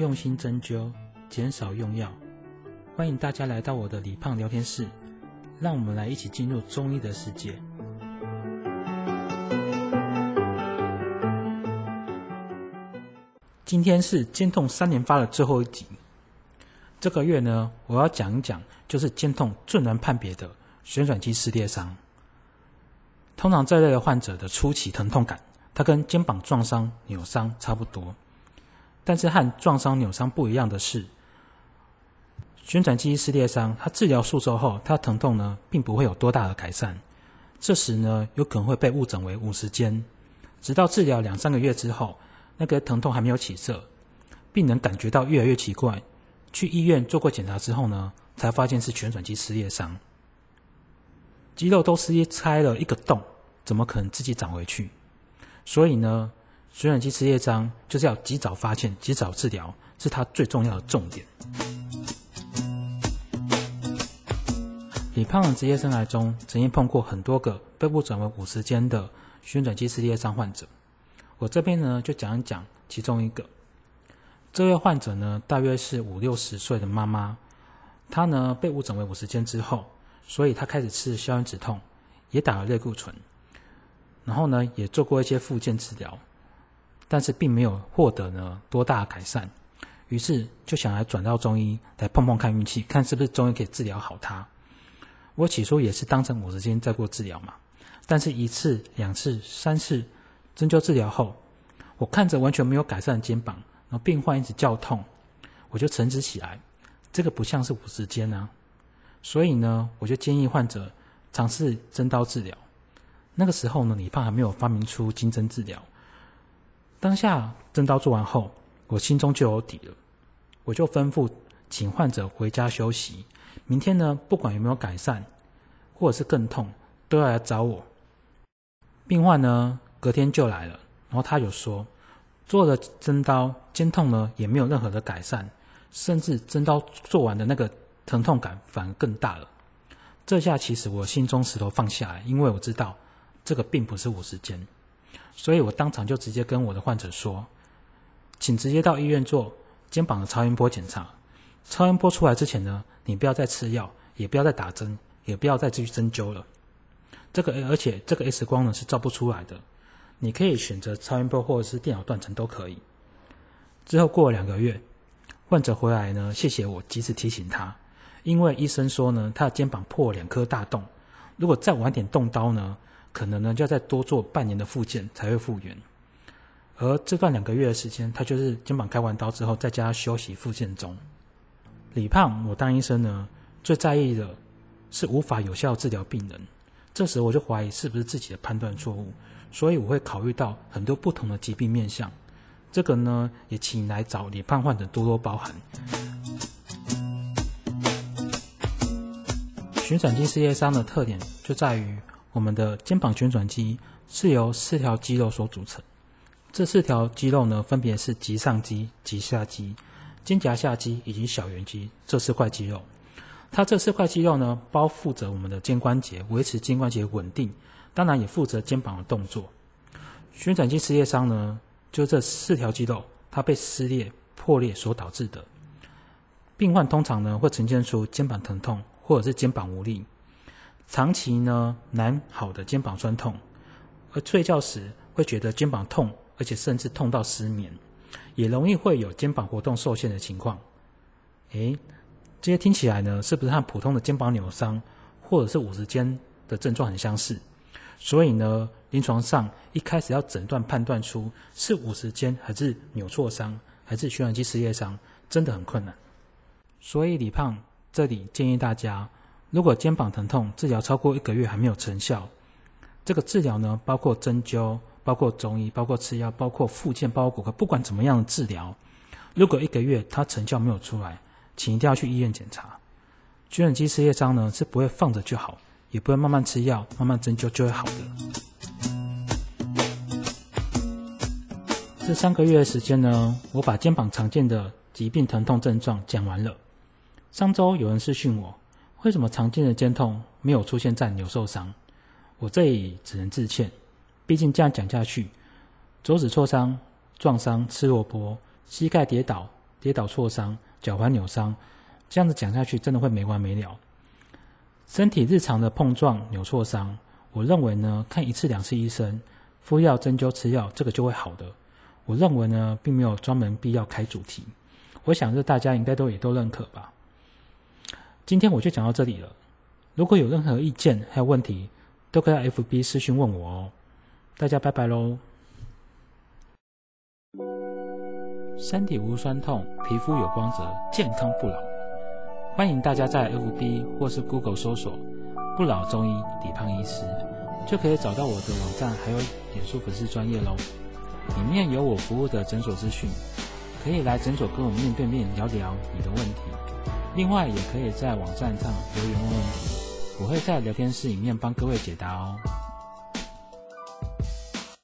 用心針灸，減少用藥。歡迎大家來到我的李胖聊天室，讓我們來一起進入中醫的世界。今天是肩痛三連發的最後一集。這個月呢，我要講一講，就是肩痛最難判別的旋轉肌撕裂傷。通常這類的患者的初期疼痛感，它跟肩膀撞傷、扭傷差不多。但是和撞傷、扭傷不一樣的是，旋轉肌撕裂傷，它治療數周後，它疼痛呢並不會有多大的改善。這時呢有可能會被誤診為五十肩，直到治療兩三個月之後，那個疼痛還沒有起色，病人感覺到越來越奇怪，去醫院做過檢查之後呢，才發現是旋轉肌撕裂傷，肌肉都撕裂拆了一個洞，怎麼可能自己長回去？所以呢，旋轉肌撕裂傷就是要及早發現、及早治療，是它最重要的重點。李胖的職業生涯中，曾經碰過很多個被誤診為五十肩的旋轉肌撕裂傷患者。我這邊呢，就講一講其中一個。這位患者呢，大約是五六十歲的媽媽。她呢，被誤診為五十肩之後，所以她開始吃消炎止痛，也打了類固醇，然後呢，也做過一些復健治療。但是並沒有獲得呢多大的改善，於是就想來轉到中醫來碰碰看運氣，看是不是中醫可以治療好他。我起初也是當成五十肩在做治療嘛，但是一次、兩次、三次針灸治療後，我看着完全沒有改善的肩膀，然後病患一直叫痛，我就沉思起來，這個不像是五十肩啊。所以呢，我就建議患者嘗試針刀治療。那個時候呢，李胖還沒有發明出金針治療。當下針刀做完後，我心中就有底了，我就吩咐請患者回家休息。明天呢，不管有沒有改善，或者是更痛，都要來找我。病患呢，隔天就來了，然後他有說，做了針刀肩痛呢，也沒有任何的改善，甚至針刀做完的那個疼痛感反而更大了。這下其實我心中石頭放下來，因為我知道這個並不是五十肩。所以我當場就直接跟我的患者說，請直接到醫院做肩膀的超音波檢查。超音波出來之前呢，你不要再吃藥，也不要再打針，也不要再繼續針灸了。這個而且這個 X 光呢是照不出來的，你可以選擇超音波或者是電腦斷層都可以。之後過了兩個月，患者回來呢，謝謝我及時提醒他，因為醫生說呢，他的肩膀破了兩顆大洞，如果再晚點動刀呢，可能呢，就要再多做半年的復健才會復原，而這段兩個月的時間，他就是肩膀開完刀之後再加上休息復健中。李胖，我當醫生呢，最在意的是無法有效治療病人，這時候我就懷疑是不是自己的判斷錯誤，所以我會考慮到很多不同的疾病面向。這個呢，也請來找李胖患者多多包涵。旋轉肌撕裂傷的特點就在於。我們的肩膀旋轉肌是由四條肌肉所組成，這四條肌肉呢，分別是棘上肌、棘下肌、肩胛下肌以及小圓肌這四塊肌肉。它這四塊肌肉呢，包覆着我們的肩關節，維持肩關節穩定，當然也負責肩膀的動作。旋轉肌撕裂傷呢，就這四條肌肉它被撕裂、破裂所導致的。病患通常呢，會呈現出肩膀疼痛或者是肩膀無力。長期呢難好的肩膀痠痛，而睡覺時會覺得肩膀痛，而且甚至痛到失眠，也容易會有肩膀活動受限的情況。哎，這些聽起來呢，是不是和普通的肩膀扭傷或者是五十肩的症狀很相似？所以呢，臨床上一開始要診斷判斷出是五十肩還是扭挫傷還是旋轉肌撕裂傷，真的很困難。所以李胖這裡建議大家。如果肩膀疼痛治療超過一個月還沒有成效，這個治療呢，包括針灸、包括中醫、包括吃藥、包括復健、包括骨科，不管怎麼樣的治療，如果一個月它成效沒有出來，請一定要去醫院檢查。旋轉肌撕裂傷呢，是不會放着就好，也不會慢慢吃藥、慢慢針灸就會好的。這三個月的時間呢，我把肩膀常見的疾病疼痛症狀講完了。上周有人私訊我，為什麼常見的肩痛沒有出現在扭受傷？我這裡只能致歉，畢竟這樣講下去，手指挫傷、撞傷、吃蘿蔔、膝蓋跌倒、跌倒挫傷、腳踝扭傷，這樣子講下去真的會沒完沒了。身體日常的碰撞扭挫傷，我認為呢，看一次兩次醫生，敷藥、針灸、吃藥，這個就會好的。我認為呢，並沒有專門必要開主題。我想這大家應該都也都認可吧。今天我就講到這裡了。如果有任何意見還有問題，都可以在 FB 私訊問我哦。大家拜拜嘍！身體無酸痛，皮膚有光澤，健康不老。歡迎大家在 FB 或是 Google 搜索“不老中醫李胖醫師”，就可以找到我的網站還有臉書粉絲專頁嘍。裡面有我服務的診所資訊，可以來診所跟我面對面聊聊你的問題。另外，也可以在網站上留言問問題，我會在聊天室裡面幫各位解答哦。